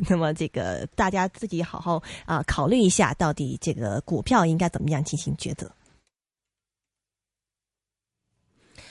那麼，這個大家自己好好啊、呃、考慮一下，到底這個股票應該怎麼樣進行抉擇。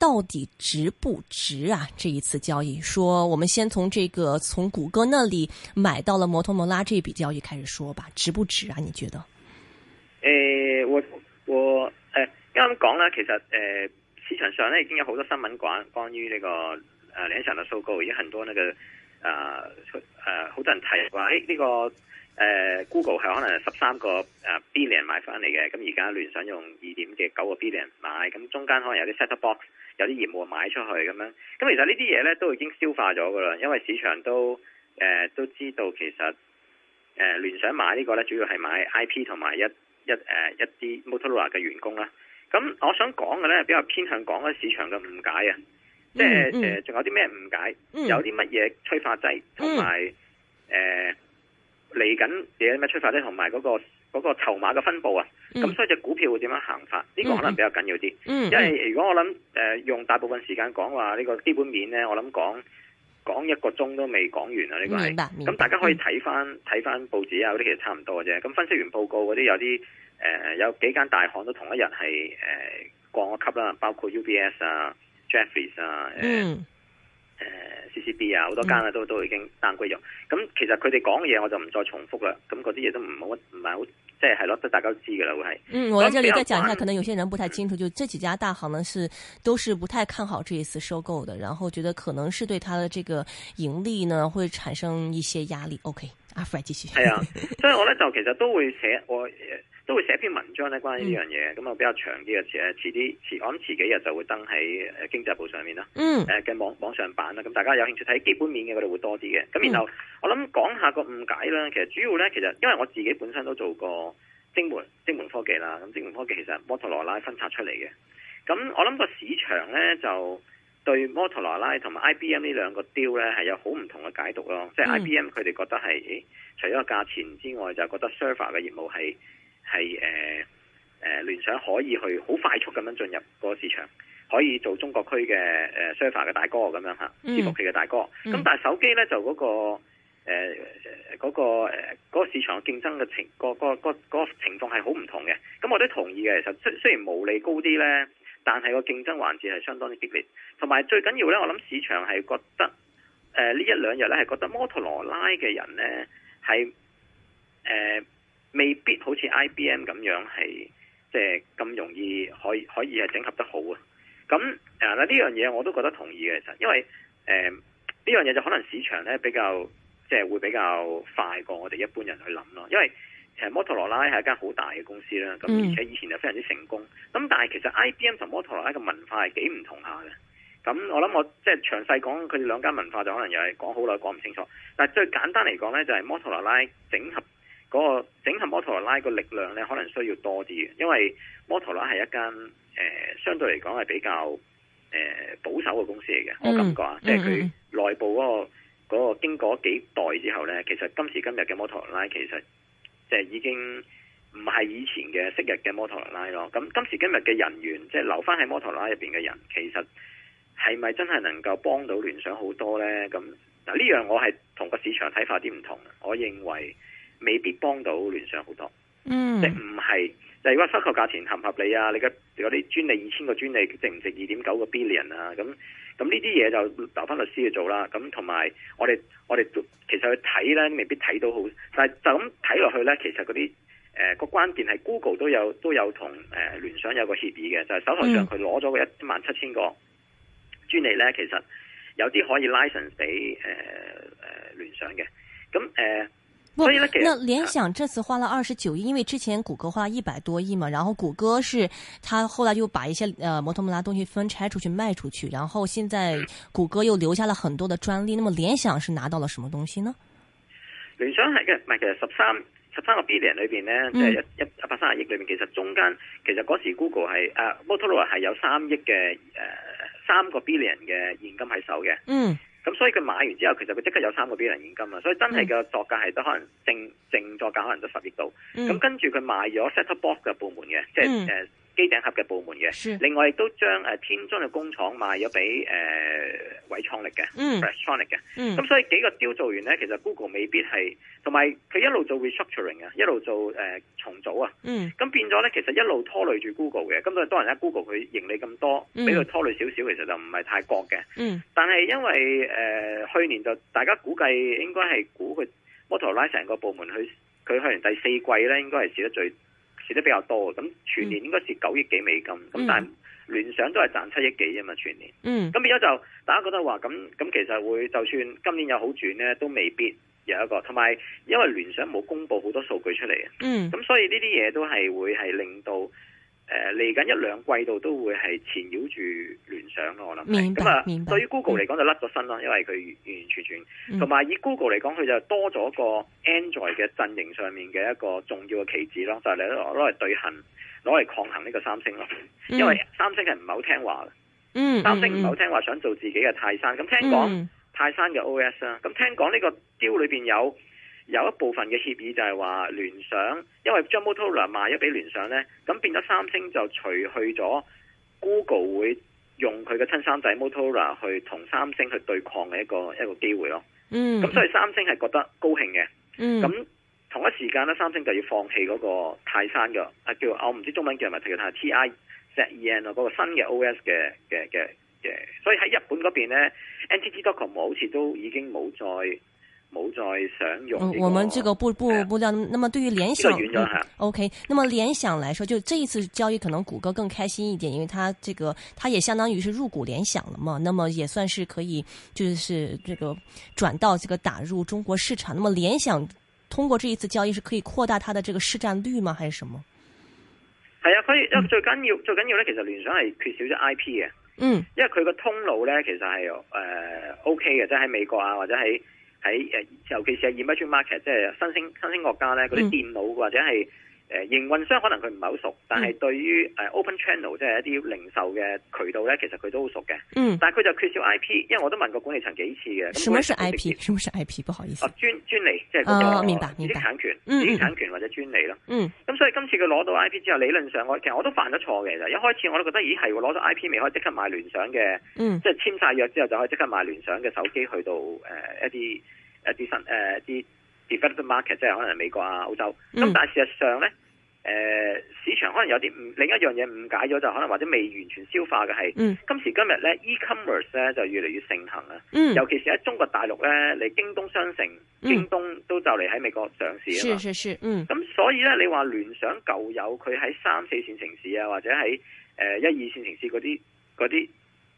到底值不值啊？這一次交易，說我們先從這個從谷歌那裏買到了摩托羅拉這筆交易開始說吧，值不值啊？你覺得？誒、呃，我我誒、呃，啱啱講咧，其實誒、呃，市場上咧已經有好多新聞講關於呢、這個誒聯想的收購，已經很多那個啊，誒、呃，好、呃、多人提話誒，呢、這個誒、呃、Google 係可能十三個誒 Billion 買翻嚟嘅，咁而家聯想用二點嘅九個 Billion 買，咁中間可能有啲 set top box。有啲業務買出去咁樣，咁其實這些東西呢啲嘢呢都已經消化咗噶啦，因為市場都誒、呃、都知道其實誒、呃、聯想買呢個呢主要係買 IP 同埋一一誒、呃、一啲 Motorola 嘅員工啦。咁我想講嘅呢，比較偏向講緊市場嘅誤解啊，即係仲有啲咩誤解？嗯就是嗯呃、有啲乜嘢催化劑同埋誒嚟緊有啲咩催化劑？同埋嗰個。嗰、那個籌碼嘅分佈啊，咁、嗯、所以隻股票會點樣行法？呢、這個可能比較緊要啲、嗯，因為如果我諗，誒、呃、用大部分時間講話呢個基本面咧，我諗講講一個鐘都未講完啊！呢、這個係，咁大家可以睇返睇返報紙啊，嗰啲其實差唔多嘅啫。咁分析員報告嗰啲有啲，誒有、呃、有幾間大行都同一日係誒降一級啦，包括 UBS 啊、Jefferies 啊。嗯誒、呃、C C B 啊，好多間都都已經單歸咗。咁、嗯嗯、其實佢哋講嘅嘢，我就唔再重複啦。咁嗰啲嘢都唔冇唔係好即係係咯，大家都知噶啦，會係。嗯，我在這裏再講一下，可能有些人不太清楚，就這幾家大行呢，是都是不太看好這一次收購的，然後覺得可能是對他的這個盈利呢，會產生一些壓力。OK，阿 Frank 繼續。係、嗯嗯 okay, 啊， 所以我咧就其實都會寫我。呃都會寫篇文章咧，關於呢樣嘢，咁啊比較長啲嘅，遲遲啲我諗遲幾日就會登喺經濟報上面啦。嗯、mm. 呃，誒嘅網網上版啦，咁大家有興趣睇基本面嘅，佢哋會多啲嘅。咁然後、mm. 我諗講下個誤解啦，其實主要咧，其實因為我自己本身都做過精門精門科技啦，咁精門科技其實摩托羅拉分拆出嚟嘅。咁我諗個市場咧就對摩托羅拉和 IBM 這兩個是有很不同埋 IBM 呢兩個 deal 咧係有好唔同嘅解讀咯，即、就、係、是、IBM 佢哋覺得係誒、mm. 除咗個價錢之外，就覺得 server 嘅業務係。係誒誒，聯、呃呃、想可以去好快速咁樣進入個市場，可以做中國區嘅誒 server 嘅大哥咁樣吓，中國區嘅大哥。咁、嗯嗯、但係手機呢就嗰、那個誒嗰、呃那個誒嗰、呃那個市場競爭嘅情、那個、那個個個情況係好唔同嘅。咁我都同意嘅，其實雖雖然毛利高啲呢，但係個競爭環節係相當之激烈。同埋最緊要呢，我諗市場係覺得誒呢、呃、一兩日呢係覺得摩托羅拉嘅人呢係誒。是呃未必好似 I B M 咁樣係，即係咁容易可以可以係整合得好啊！咁嗱呢樣嘢我都覺得同意嘅，其實，因為誒呢樣嘢就可能市場咧比較即係、就是、會比較快過我哋一般人去諗咯。因為其實摩托羅拉係間好大嘅公司啦，咁而且以前就非常之成功。咁但係其實 I B M 同摩托羅拉嘅文化係幾唔同下嘅。咁我諗我即係、就是、詳細講佢哋兩間文化就可能又係講好耐講唔清楚。但係最簡單嚟講咧，就係摩托羅拉整合。嗰個整合摩托羅拉個力量咧，可能需要多啲嘅，因為摩托羅拉係一間誒、呃、相對嚟講係比較誒、呃、保守嘅公司嚟嘅、嗯，我感覺啊、嗯，即係佢內部嗰、嗰個嗰、嗰個經過幾代之後咧，其實今時今日嘅摩托羅拉其實即係已經唔係以前嘅昔日嘅摩托羅拉咯。咁今時今日嘅人員，即係留翻喺摩托羅拉入邊嘅人，其實係咪真係能夠幫到聯想好多咧？咁嗱，呢樣我係同個市場睇法啲唔同，我認為。未必幫到聯想好多，嗯、即唔係？就係、如果收購價錢合唔合理啊？你嘅嗰啲專利二千個專利值唔值二點九個 billion 啊？咁咁呢啲嘢，就留翻律師去做啦。咁同埋我哋我哋其實去睇咧，未必睇到好。但係就咁睇落去咧，其實嗰啲誒個關鍵係 Google 都有都有同誒聯想有個協議嘅，就係、是、手頭上佢攞咗個一萬七千個專利咧，其實有啲可以 license 俾誒誒聯想嘅。咁、呃、誒。所以呢，其實，不，那聯想這次花了二十九億，因為之前谷歌花了一百多億嘛，然後谷歌是，他後來就把一些，呃，摩托羅拉東西分拆出去賣出去，然後現在谷歌又留下了很多的專利，那麼聯想是拿到了什麼東西呢？聯想係嘅，唔係嘅，十三，十三個 billion 裏邊咧，即係一一百三十億裏邊，其實中間其實嗰時 Google 係，誒，摩托羅拉係有三億嘅，誒，三個 billion 嘅現金喺手嘅。嗯。咁所以佢買完之後，其實佢即刻有三個 Billion 現金啦，所以真係嘅作價係都可能正正作價可能都十億到，咁、嗯、跟住佢賣咗 Settlebox 嘅部門嘅，即、就、係、是嗯呃機頂盒嘅部門嘅，另外亦都將誒、啊、天津嘅工廠賣咗俾誒偉創力嘅 r e s t o n i k 嘅，咁、嗯嗯、所以幾個雕做完咧，其實 Google 未必係，同埋佢一路做 restructuring 啊，一路做誒、呃、重組啊，咁、嗯、變咗咧，其實一路拖累住 Google 嘅，咁當然喺 Google 佢盈利咁多，俾、嗯、佢拖累少少，其實就唔係太覺嘅、嗯。但係因為誒、呃、去年就大家估計應該係估佢摩托羅拉成個部門去，佢去年第四季咧應該係少得最。蝕得比較多，咁全年應該蝕九億幾美金，咁、嗯、但係聯想都係賺七億幾啫嘛，全年。嗯。咁變咗，就大家覺得話，咁咁其實會就算今年有好轉咧，都未必有一個。同埋因為聯想冇公布好多數據出嚟啊。嗯。咁所以呢啲嘢都係會係令到。誒、呃，嚟緊一兩季度，都會係纏繞住聯想咯，我諗。咁咁明白。對於 Google 嚟講，就甩咗身啦，嗯，因為佢完完全全。同，嗯，埋以 Google 嚟講，佢就多咗個 Android 嘅陣營上面嘅一個重要嘅棋子咯，就嚟攞嚟對衡，攞嚟抗衡呢個三星咯。因為三星係唔係好聽話。嗯。三星唔係好聽話，嗯，想做自己嘅泰山。咁，嗯，聽講，泰山嘅 OS 啦，嗯，咁聽講呢個雕裏邊有。有一部分嘅協議就係話聯想，因為將 Motorola 賣咗俾聯想呢，咁變咗三星就除去咗 Google 會用佢嘅親生仔 Motorola 去同三星去對抗嘅一個一個機會咯。嗯，咁所以三星係覺得高興嘅。嗯，咁同一時間呢，三星就要放棄嗰個泰山嘅，啊叫我唔知中文叫係咪叫泰 T I Z E N 啊嗰個新嘅 O S 嘅嘅嘅嘅，所以喺日本嗰邊 NTT docomo 好似都已經冇再。冇再想用，這個、嗯，我們這個不不不料、啊，那麼對於聯想、這個啊嗯，OK，那麼聯想來說，就這一次交易可能谷歌更開心一點，因為它這個它也相當於是入股聯想了嘛，那麼也算是可以就是這個轉到這個打入中國市場。那麼聯想通過這一次交易是可以擴大它的這個市佔率嗎？還是什麼？係啊，所以最緊要最緊要呢，其實聯想係缺少咗 IP 嘅，嗯，因為佢個通路呢，其實係有誒、呃、OK 嘅，即係喺美國啊或者喺。喺誒，尤其是係 emerging market，即係新興新興國家咧，嗰啲電腦或者係。誒，營運商可能佢唔係好熟，但係對於誒 open channel 即係一啲零售嘅渠道咧，其實佢都好熟嘅。嗯。但係佢就缺少 IP，因為我都問過管理層幾次嘅。什麼是 IP？啊、什麼是 IP？不好意思。專專利即係嗰啲哦，明白知識產權，知識產權或者專利咯，嗯。咁所以今次佢攞到 IP 之後，理論上我其實我都犯咗錯嘅，其實一開始我都覺得，咦係喎，攞咗 IP 未可以即刻買聯想嘅，即係簽晒約之後就可以即刻買聯想嘅手機去到誒、呃、一啲、呃、一啲新誒啲。呃 developed market 即係可能美國啊、歐洲，咁但係事實上呢，誒、呃、市場可能有啲誤，另一樣嘢誤解咗就可能或者未完全消化嘅係、嗯，今時今日呢 e-commerce 呢就越嚟越盛行啊、嗯，尤其是喺中國大陸呢，你京東商城、京東都就嚟喺美國上市啊嘛。咁、嗯、所以呢，你話聯想舊有佢喺三四線城市啊，或者喺誒、呃、一二線城市嗰啲啲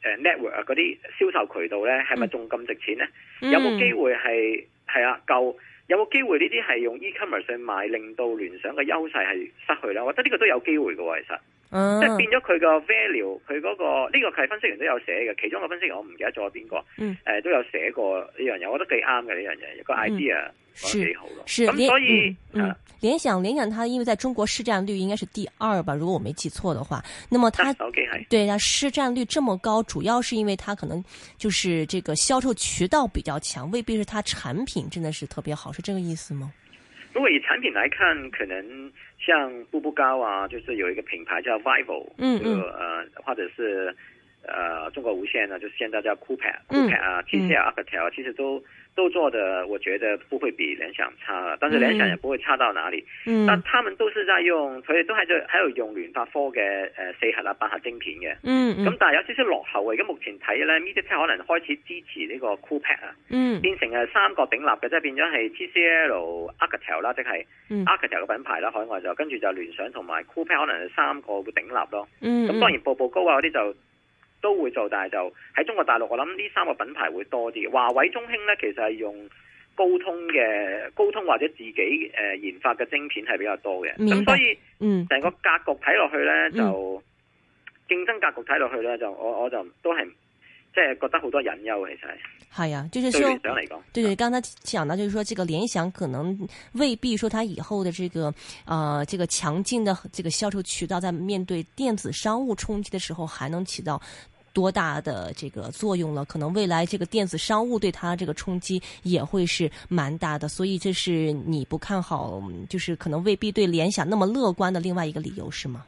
誒 network 嗰啲銷售渠道呢，係咪仲咁值錢呢？嗯、有冇機會係係啊夠？舊有冇機會呢啲係用 e-commerce 去買，令到聯想嘅優勢係失去啦。我覺得呢個都有機會嘅喎，其實。啊、即係變咗佢、個 value，佢嗰個呢個係分析員都有寫嘅，其中個分析員我唔記得咗係邊個，誒、嗯呃、都有寫過呢樣嘢，我覺得幾啱嘅呢樣嘢個 idea，幾、嗯、好咯。咁、嗯、所以，嗯，聯想聯想，聯想它因為在中國市佔率應該是第二吧，如果我沒記錯的話，那麼它 okay，對它市佔率這麼高，主要是因為它可能就是這個銷售渠道比較強，未必是它產品真的是特別好，是這個意思嗎？如果以產品來看，可能像步步高啊，就是有一個品牌叫 VIVO，嗯嗯呃，或者是。誒、呃，中國無線呢、啊，就係現在叫 Coolpad、Coolpad 啊，TCL、嗯、Alcatel 其實都都做的，我覺得不會比聯想差，但是聯想也不會差到哪裏。嗯、但他們都是在用，佢哋都係喺度用聯發科嘅誒四核啊八核，核，核晶片嘅。咁、嗯嗯、但係有少少落後嘅，而家目前睇咧 MediaTek 可能開始支持呢個 Coolpad 啊、嗯，變成誒三個鼎立嘅，即係變咗係 TCL、Alcatel 啦，即係 Alcatel 嘅品牌啦、啊，海外就跟住就聯想同埋 Coolpad 可能三個會鼎立咯。咁、嗯嗯、當然步步高啊嗰啲就。都會做，但係就喺中國大陸，我諗呢三個品牌會多啲。華為、中興呢，其實係用高通嘅高通或者自己誒、呃、研發嘅晶片係比較多嘅。咁所以整，嗯，成個格局睇落去呢就競爭格局睇落去呢、嗯、就我我就都係即係覺得好多隱憂嘅，其實係。係啊，就是說，聯想嚟講，對對，剛才講到，就是說，這個聯想可能未必說，它以後的這個，啊、呃，這個強勁的這個銷售渠道，在面對電子商務衝擊的時候，還能起到，多大的這個作用了？可能未來這個電子商務對它這個衝擊也會是蠻大的，所以這是你不看好，就是可能未必對聯想那麼樂觀的另外一個理由，是嗎？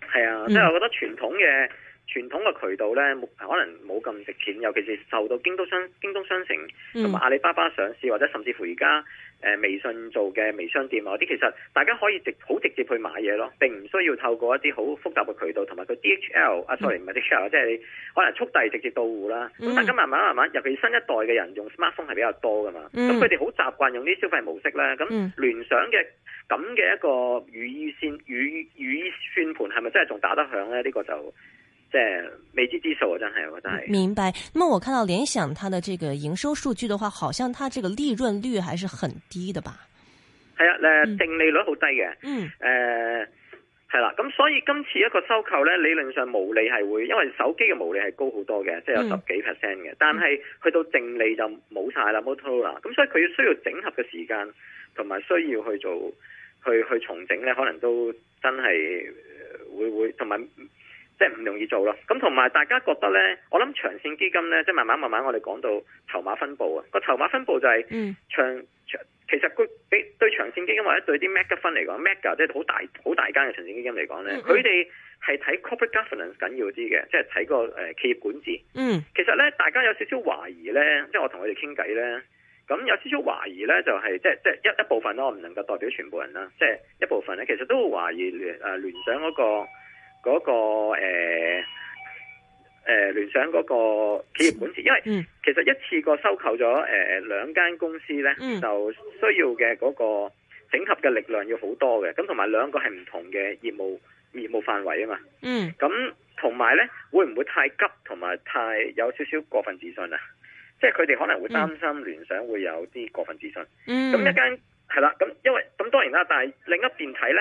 係啊，嗯，即係我覺得傳統嘅傳統嘅渠道呢，可能冇咁值錢，尤其是受到京東商京東商城同埋阿里巴巴上市，或者甚至乎而家。誒，微信做嘅微商店啊啲，其實大家可以直好直接去買嘢咯，並唔需要透過一啲好複雜嘅渠道，同埋佢 DHL、mm. 啊，sorry 唔係 DHL，即係你可能速遞直接到戶啦。咁大家慢慢慢慢，尤其係新一代嘅人用 smartphone 係比較多噶嘛，咁佢哋好習慣用啲消費模式啦，咁聯想嘅咁嘅一個語意線語語意算盤係咪真係仲打得響咧？呢、這個就。即係未知之數，啊，真係我真係明白。那麼我看到聯想它的這個營收數據的話，好像它這個利潤率還是很低的吧？係啊，誒，淨利率好低嘅。嗯。誒，係、嗯、啦，咁、呃啊、所以今次一個收購呢，理論上毛利係會，因為手機嘅毛利係高好多嘅，即、就、係、是、有十幾 percent 嘅、嗯。但係去到淨利就冇晒啦 Motorola 咁所以佢需要整合嘅時間，同埋需要去做，去去重整呢，可能都真係會會，同埋。即係唔容易做咯，咁同埋大家覺得呢，我諗長線基金呢，即、就、係、是、慢慢慢慢我，我哋講到籌碼分布啊，個籌碼分布就係，長長，其實佢比對長線基金或者對啲 mega 分嚟講，mega 即係好大好大間嘅長線基金嚟講呢，佢哋係睇 corporate governance 緊要啲嘅，即係睇個誒企業管治。嗯，其實呢，大家有少少懷疑呢，即係我同佢哋傾偈呢，咁有少少懷疑呢，就係即係即係一呢、就是就是、一,一部分我唔能夠代表全部人啦，即、就、係、是、一部分呢，其實都懷疑聯誒聯想嗰、那個。嗰、嗰個誒誒聯想嗰個企業本質，因為其實一次過收購咗誒兩間公司呢，嗯、就需要嘅嗰個整合嘅力量要好多嘅，咁同埋兩個係唔同嘅業務業務範圍啊嘛。嗯，咁同埋呢會唔會太急，同埋太有少少過分自信啊？即係佢哋可能會擔心聯想會有啲過分自信。咁、嗯、一間係啦，咁因為咁當然啦，但係另一邊睇呢。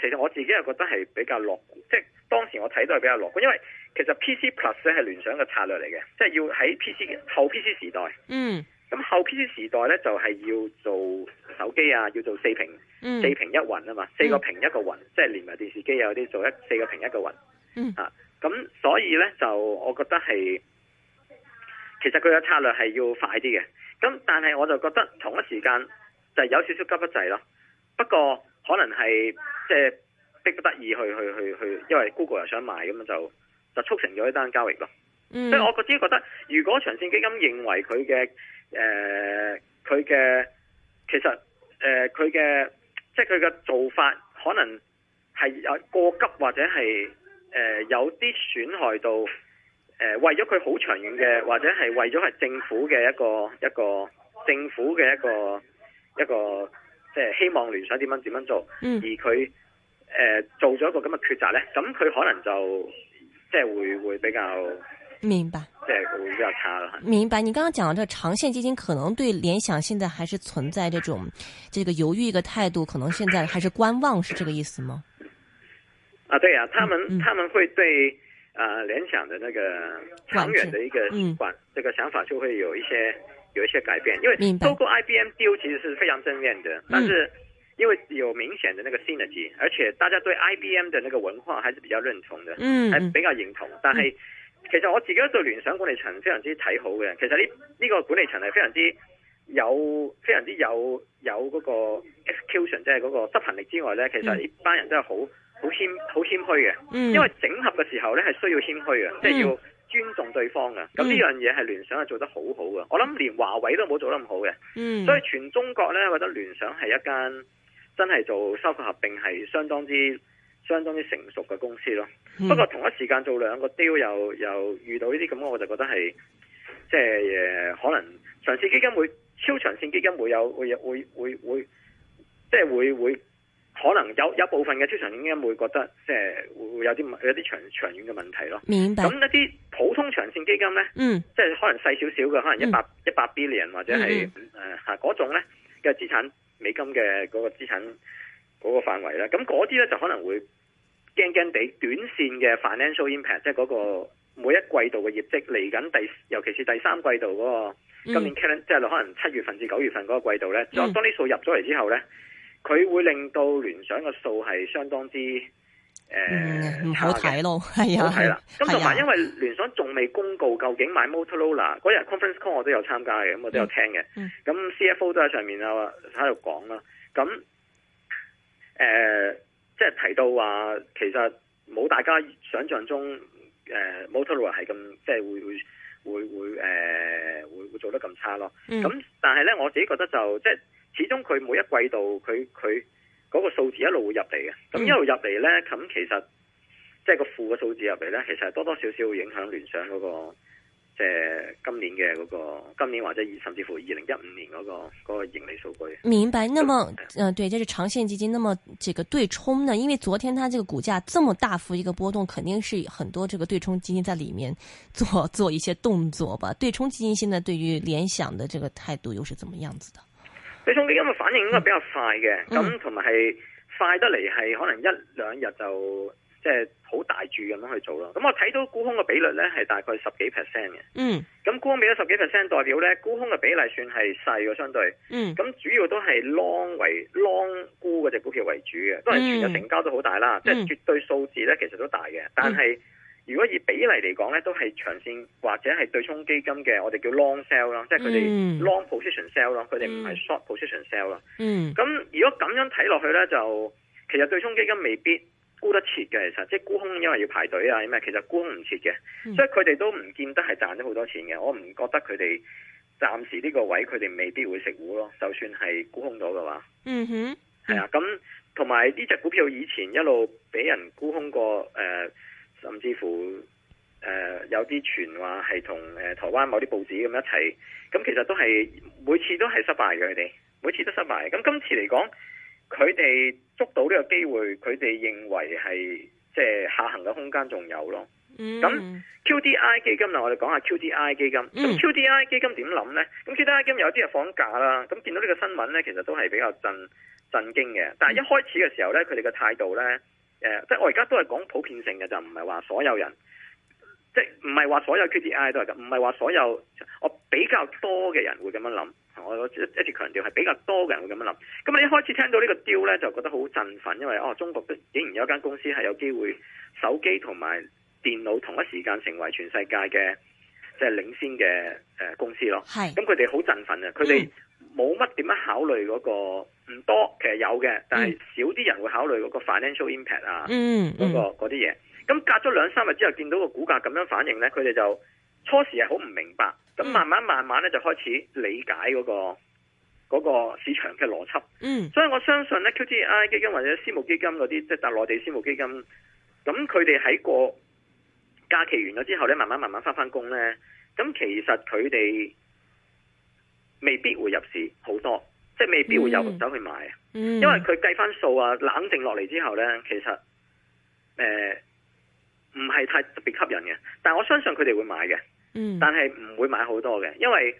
其實我自己又覺得係比較樂觀，即係當時我睇都係比較樂觀，因為其實 P C Plus 咧，係聯想嘅策略嚟嘅，即係要喺 P C 後 P C 時代，嗯，咁後 P C 時代咧就係要做手機啊，要做四屏，嗯，四屏一雲啊嘛，四個屏一個雲，嗯、即係連埋電視機有啲做一四個屏一個雲，嗯，啊，咁所以咧就我覺得係，其實佢嘅策略係要快啲嘅，咁但係我就覺得同一時間就有少少急得滯咯，不過。可能係即係迫不得已去去去去，因為 Google 又想買，咁樣就就促成咗一單交易咯，嗯。所以我自己覺得，如果長線基金認為佢嘅誒佢嘅其實誒佢嘅即係佢嘅做法，可能係有過急或者係誒、呃、有啲損害到誒、呃、為咗佢好長遠嘅，或者係為咗係政府嘅一個一個政府嘅一個一個。一個即係希望聯想點樣點樣做，嗯，而佢誒、呃、做咗一個咁嘅抉擇咧，咁佢可能就即係會會比較明白，即係會比較差咯。明白，你剛剛講到，這長線基金可能對聯想現在還是存在這種這個猶豫一個態度，可能現在還是觀望，是這個意思嗎？啊，對啊，他們他們會對啊、呃、聯想的那個長遠的一個管、嗯、這個想法就會有一些。有一些改變，因為透過 IBM deal 其實是非常正面的，但是因為有明顯的那個 synergy，而且大家對 IBM 的那個文化係比較認同嘅，係、嗯、比較認同。但係其實我自己都對聯想管理層非常之睇好嘅，其實呢呢、呢個管理層係非常之有非常之有有嗰個 execution，即係嗰個執行力之外呢，其實呢班人都係好好謙好謙虛嘅，因為整合嘅時候呢係需要謙虛嘅，即係要。嗯尊重對方嘅，咁呢樣嘢係聯想係做得好好嘅，我諗連華為都冇做得咁好嘅，所以全中國呢，我覺得聯想係一間真係做收購合並係相當之、相當之成熟嘅公司咯。不過同一時間做兩個 deal 又又遇到呢啲咁，我就覺得係即係誒，可能長線基金會、超長線基金會有會有會會會即係會會。會會會即可能有有部分嘅超長基金會覺得，即係會有啲有啲長長遠嘅問題咯。明白。咁一啲普通長線基金咧，嗯，即係可能細少少嘅，可能一百一百 billion 或者係誒吓嗰種咧嘅資產美金嘅嗰個資產嗰個範圍啦。咁嗰啲咧就可能會驚驚地短線嘅 financial impact，即係嗰個每一季度嘅業績嚟緊第，尤其是第三季度嗰、嗰個、嗯、今年即係可能七月份至九月份嗰個季度咧、嗯，當當呢數入咗嚟之後咧。佢會令到聯想嘅數係相當之，誒、呃，嗯、好睇咯，係啊，好睇啦、啊。咁同埋因為聯想仲未公告究竟買 Motorola 嗰日 conference call 我都有參加嘅，咁我都有聽嘅。咁、嗯、CFO 都喺上面啊，喺度講啦。咁誒、呃，即係提到話，其實冇大家想像中、呃、Motorola 係咁，即係會會會、呃、會誒，會做得咁差咯。咁、嗯、但係咧，我自己覺得就即係。始終佢每一季度佢佢嗰個數字一路會入嚟嘅，咁一路入嚟咧，咁其實即係個負嘅數字入嚟咧，其實係、就是、多多少少會影響聯想嗰、那個即係、呃、今年嘅嗰、那個今年或者甚至乎二零一五年嗰、那個嗰、那個盈利數據。明白，那麼嗯，對，就是長線基金。那麼這個對沖呢？因為昨天它這個股價這麼大幅一個波動，肯定是很多這個對沖基金在裏面做做一些動作吧？對沖基金現在對於聯想的這個態度又是怎麼樣子的？你沖基金嘅反應應該比較快嘅，咁同埋係快得嚟係可能一兩日就即係好大注咁樣去做咯。咁我睇到沽空嘅比率呢係大概十幾 percent 嘅。嗯。咁沽空比咗十幾 percent，代表呢沽空嘅比例算係細嘅相對。嗯。咁主要都係 long 為 long 沽嗰隻股票為主嘅，都係全日成交都好大啦，即係絕對數字呢其實都大嘅，但係。如果以比例嚟講咧，都係長線或者係對沖基金嘅，我哋叫 long sell 啦，即係佢哋 long position sell 啦，嗯，佢哋唔係 short position sell 啦。嗯，咁如果咁樣睇落去咧，就其實對沖基金未必沽得切嘅，其實即係沽空因為要排隊啊，咩其實沽空唔切嘅，所以佢哋都唔見得係賺咗好多錢嘅。我唔覺得佢哋暫時呢個位，佢哋未必會食糊咯。就算係沽空咗嘅話，嗯哼，係、嗯、啊。咁同埋呢隻股票以前一路俾人沽空過，誒、呃。甚至乎，誒、呃、有啲傳話係同誒台灣某啲報紙咁一齊，咁其實都係每次都係失敗嘅佢哋，每次都失敗他們。咁今次嚟講，佢哋捉到呢個機會，佢哋認為係即係下行嘅空間仲有咯。咁、嗯、QDII 基金嗱，我哋講下 QDII 基金。咁 QDII 基金點諗呢？咁 QDII 基金有啲係放假啦。咁見到呢個新聞呢，其實都係比較震震驚嘅。但係一開始嘅時候呢，佢哋嘅態度呢。誒、呃，即係我而家都係講普遍性嘅，就唔係話所有人，即係唔係話所有 QDI 都係咁，唔係話所有我比較多嘅人會咁樣諗，我一直強調係比較多嘅人會咁樣諗。咁你一開始聽到呢個雕呢，就覺得好振奮，因為哦，中國竟然有一間公司係有機會手機同埋電腦同一時間成為全世界嘅，即係領先嘅誒公司咯。咁佢哋好振奮啊，佢、嗯、哋。冇乜點樣考慮嗰、嗰個唔多，其實有嘅，但係少啲人會考慮嗰個 financial impact 啊，嗰、嗯嗯嗰個嗰啲嘢。咁隔咗兩三日之後，見到個股價咁樣反應呢，佢哋就初時係好唔明白，咁慢慢慢慢咧就開始理解嗰、嗰個嗰、嗰個市場嘅邏輯。嗯，所以我相信呢，QDII 基金或者私募基金嗰啲，即、就、係、係、大陸內地私募基金，咁佢哋喺個假期完咗之後呢，慢慢慢慢翻返工呢。咁其實佢哋。未必會入市好多，即係未必會有走去買，嗯嗯，因為佢計翻數啊，冷靜落嚟之後呢，其實誒唔係太特別吸引嘅。但係我相信佢哋會買嘅，嗯，但係唔會買好多嘅，因為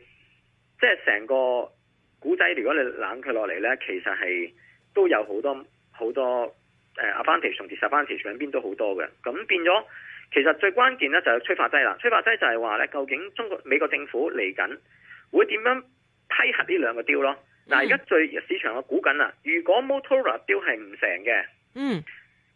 即係成個古仔，如果你冷卻落嚟呢，其實係都有好多好多誒 advantage 同 disadvantage 兩邊都好多嘅。咁變咗，其實最關鍵呢就係、是、催化劑啦。催化劑就係話呢，究竟中國美國政府嚟緊會點樣？批核呢兩個 deal 咯，嗱，而家最市場我估緊啦！如果 Motorola deal 係唔成嘅，嗯，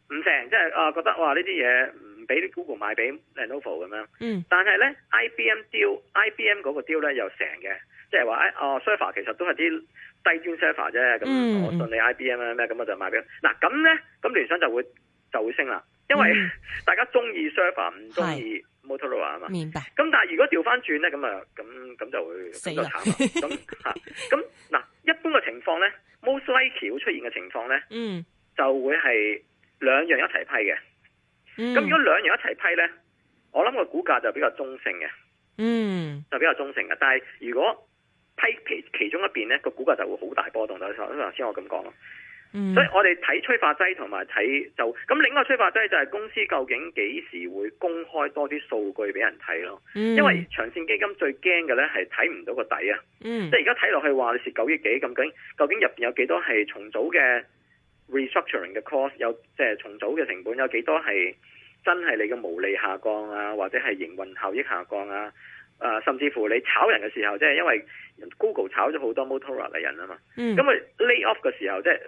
唔成，即係啊覺得哇呢啲嘢唔俾 Google 賣俾 Lenovo 咁樣，嗯，但係咧 IBM deal，IBM 嗰個 deal 咧又成嘅，即係話、哎、哦 server 其實都係啲低端 server 啫，咁、嗯、我信你 IBM 咩，咁我就賣俾佢。嗱咁咧，咁聯想就會就會升啦，因為、嗯、大家中意 server 唔中意。啊嘛，明白。咁但係如果調翻轉咧，咁啊，咁咁就會死啦。咁吓，咁嗱，一般嘅情況咧 ，most likely 會出現嘅情況咧，嗯，就會係兩樣一齊批嘅。咁、嗯、如果兩樣一齊批咧，我諗個股價就比較中性嘅，嗯，就比較中性嘅。但係如果批其其中一邊咧，個股價就會好大波動。就頭先我咁講咯。所以我哋睇催化劑同埋睇就咁，另外一個催化劑就係公司究竟幾時會公開多啲數據俾人睇咯？因為長線基金最驚嘅咧係睇唔到個底啊！即係而家睇落去話你蝕九億幾咁緊，究竟入邊有幾多係重組嘅 restructuring 嘅 cost？有即係重組嘅成本有幾多係真係你嘅毛利下降啊，或者係營運效益下降啊？啊、呃，甚至乎你炒人嘅時候，即係因為 Google 炒咗好多 Motorola 嘅人啊嘛。咁、嗯、佢 lay off 嘅時候，即係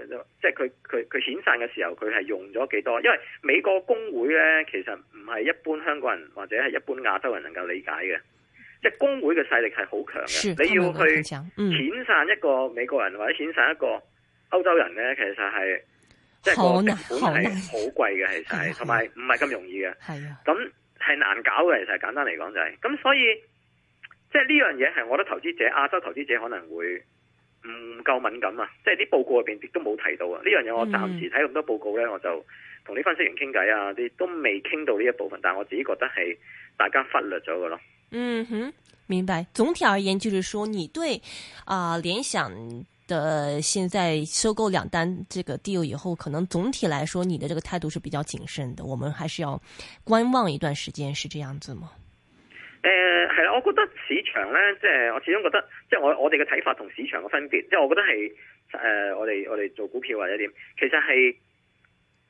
即係佢佢佢遣散嘅時候，佢係用咗幾多？因為美國工會咧，其實唔係一般香港人或者係一般亞洲人能夠理解嘅。即係工會嘅勢力係好強嘅。是。你要去遣散一個美國人、嗯、或者遣散一個歐洲人咧，其實係即係個本錢好貴嘅，其實同埋唔係咁容易嘅。係啊。咁係難搞嘅，其實簡單嚟講就係、是、咁，所以。即係呢樣嘢係，我覺得投資者亞洲投資者可能會唔夠敏感啊。即係啲報告入邊亦都冇提到啊。呢樣嘢我暫時睇咁多報告咧，我就同啲分析員傾偈啊，啲都未傾到呢一部分，但係我自己覺得係大家忽略咗㗎咯。嗯哼，明白。總體而言，就是說你對啊、呃、聯想的現在收購兩單這個 deal 以後，可能總體來說你的這個態度是比較謹慎的，我們還是要觀望一段時間，是這樣子嗎？誒、呃，係啦，我覺得市場咧，即係我始終覺得，即係我我哋嘅睇法同市場嘅分別，即係我覺得係誒、呃，我哋我哋做股票或者點，其實係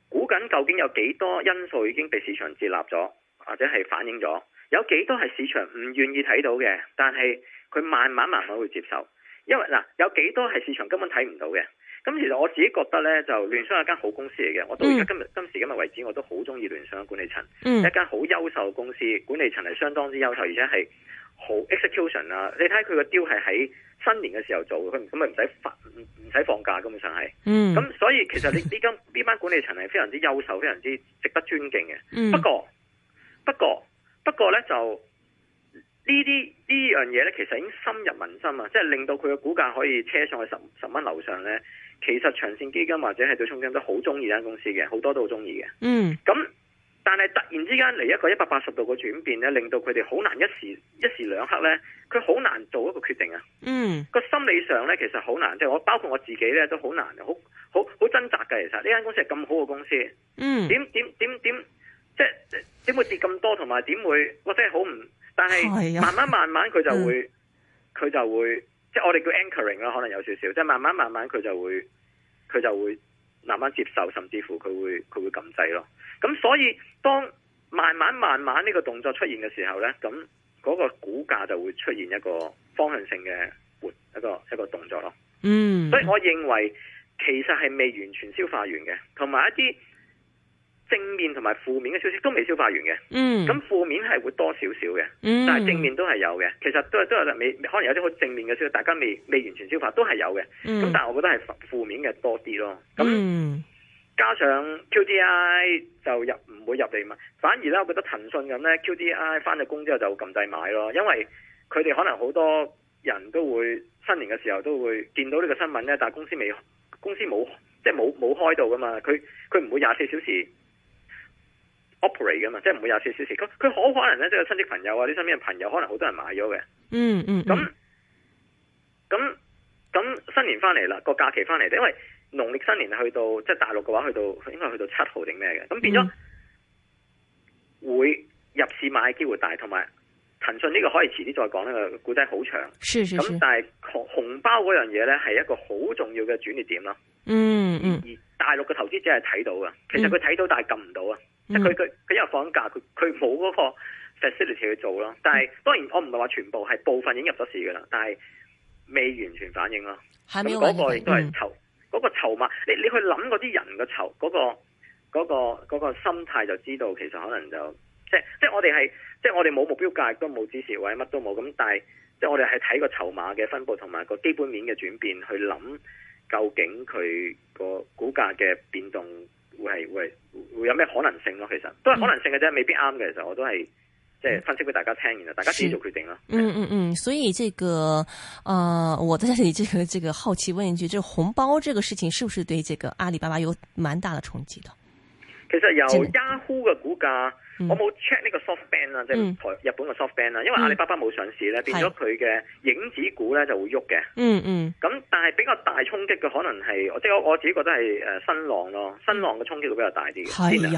估緊究竟有幾多因素已經被市場接納咗，或者係反映咗，有幾多係市場唔願意睇到嘅，但係佢慢慢慢慢會接受，因為嗱、呃，有幾多係市場根本睇唔到嘅。咁其實我自己覺得呢，就聯想係間好公司嚟嘅。我到而家今日今時今日為止，我都好中意聯想嘅管理層、嗯，一間好優秀嘅公司，管理層係相當之優秀，而且係好 execution 啦、啊。你睇佢個 deal 係喺新年嘅時候做，佢咁咪唔使放唔使放假根本上係。咁、嗯、所以其實你呢間呢班管理層係非常之優秀，非常之值得尊敬嘅、嗯。不過，不過，不過呢就呢啲呢樣嘢呢，其實已經深入民心啊！即、就、係、是、令到佢嘅股價可以車上去十十蚊樓上呢。其實長線基金或者係對沖基金都好中意呢間公司嘅，好多都好中意嘅。嗯。咁，但係突然之間嚟一個一百八十度嘅轉變咧，令到佢哋好難一時一時兩刻咧，佢好難做一個決定啊。嗯。那個心理上咧，其實好難，即係我包括我自己咧，都好難，好好好掙扎嘅。其實呢間公司係咁好嘅公司。嗯。點點點點，即係點會跌咁多，同埋點會，或者係好唔。但係慢慢慢慢，佢就會佢就會。嗯。佢就會即係我哋叫 anchoring 啦，可能有少少，即係慢慢慢慢佢就會佢就會慢慢接受，甚至乎佢會佢會撳掣咯。咁所以當慢慢慢慢呢個動作出現嘅時候咧，咁嗰個股價就會出現一個方向性嘅活一個一個動作咯。嗯、mm.，所以我認為其實係未完全消化完嘅，同埋一啲。正面同埋負面嘅消息都未消化完嘅，嗯，咁負面係會多少少嘅，但係正面都係有嘅。其實都都係未可能有啲好正面嘅消息，大家未未完全消化都係有嘅。咁、嗯、但係我覺得係負面嘅多啲咯。嗯，加上 QDI 就入唔會入嚟嘛，反而呢，我覺得騰訊咁呢 QDI 翻咗工之後就撳掣買咯，因為佢哋可能好多人都會新年嘅時候都會見到呢個新聞呢。但係公司未公司冇即係冇冇開到噶嘛，佢佢唔會廿四小時 operate 嘅嘛，即係唔會有四小時。佢佢好可能咧，即係親戚朋友啊，啲身邊嘅朋友，可能好多人買咗嘅。嗯嗯。咁咁咁新年翻嚟啦，個假期翻嚟，因為農曆新年去到即係大陸嘅話，去到應該去到七號定咩嘅。咁變咗會入市買機會大，同埋騰訊呢個可以遲啲再講呢，呢個故仔好長，咁但係紅紅包嗰樣嘢咧，係一個好重要嘅轉捩點咯。嗯嗯。而大陸嘅投資者係睇到嘅，其實佢睇到、嗯、但係撳唔到啊。即係佢佢佢因為放假，佢佢冇嗰個 facility 去做咯。但係當然我唔係話全部係部分已經入咗市噶啦，但係未完全反應咯。咁嗰個亦都係籌，嗰個籌碼，你你去諗嗰啲人嘅籌，嗰個嗰個嗰個心態，就知道其實可能就即係即係我哋係即係我哋冇目標價，亦都冇支持位，乜都冇咁。但係即係我哋係睇個籌碼嘅分佈同埋個基本面嘅轉變，去諗究竟佢個股價嘅變動。會係會會有咩可能性咯？其實都係可能性嘅啫，未必啱嘅。其實我都係即係分析俾大家聽，然後大家自己做決定咯。嗯嗯嗯，所以這個，呃，我在這裏，這個這個好奇問一句，就、這個、紅包這個事情，是不是對這個阿里巴巴有蠻大的衝擊的？其實由 Yahoo 嘅股價，嗯，我冇 check 呢個 SoftBank 啊，即係台日本嘅 SoftBank 啊。因為阿里巴巴冇上市咧，嗯，變咗佢嘅影子股咧就會喐嘅。嗯嗯。咁但係比較大衝擊嘅可能係，即係我我自己覺得係誒新浪咯，新浪嘅衝擊會比較大啲嘅。係、嗯、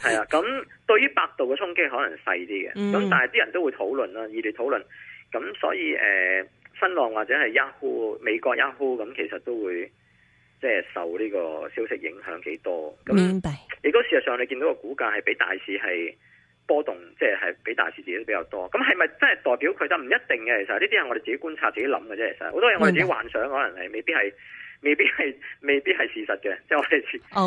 係啊，咁、啊 啊、對於百度嘅衝擊可能細啲嘅，咁、嗯、但係啲人們都會討論啦，熱烈討論。咁所以誒、呃、新浪或者係 Yahoo 美國 Yahoo 咁，其實都會即係、就是、受呢個消息影響幾多。你果事實上，你見到個股價係比大市係波動，即係係比大市自己都比較多。咁係咪真係代表佢得唔一定嘅？其實呢啲係我哋自己觀察、自己諗嘅啫。其實好多人我哋自己幻想，可能係未必係、未必係、未必係事實嘅。即係我哋、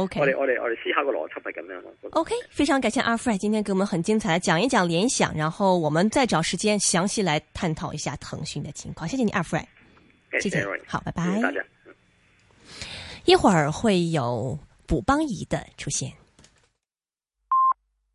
okay. 我哋我哋思考嘅邏輯係咁樣咯、okay。OK，非常感謝阿 Freddie 今天給我們很精彩講一講聯想，然後我們再找時間詳細來探討一下騰訊嘅情況。謝謝你，阿 Freddie 謝謝。Right. 好，拜拜、嗯，一會兒會有卜邦怡的出現。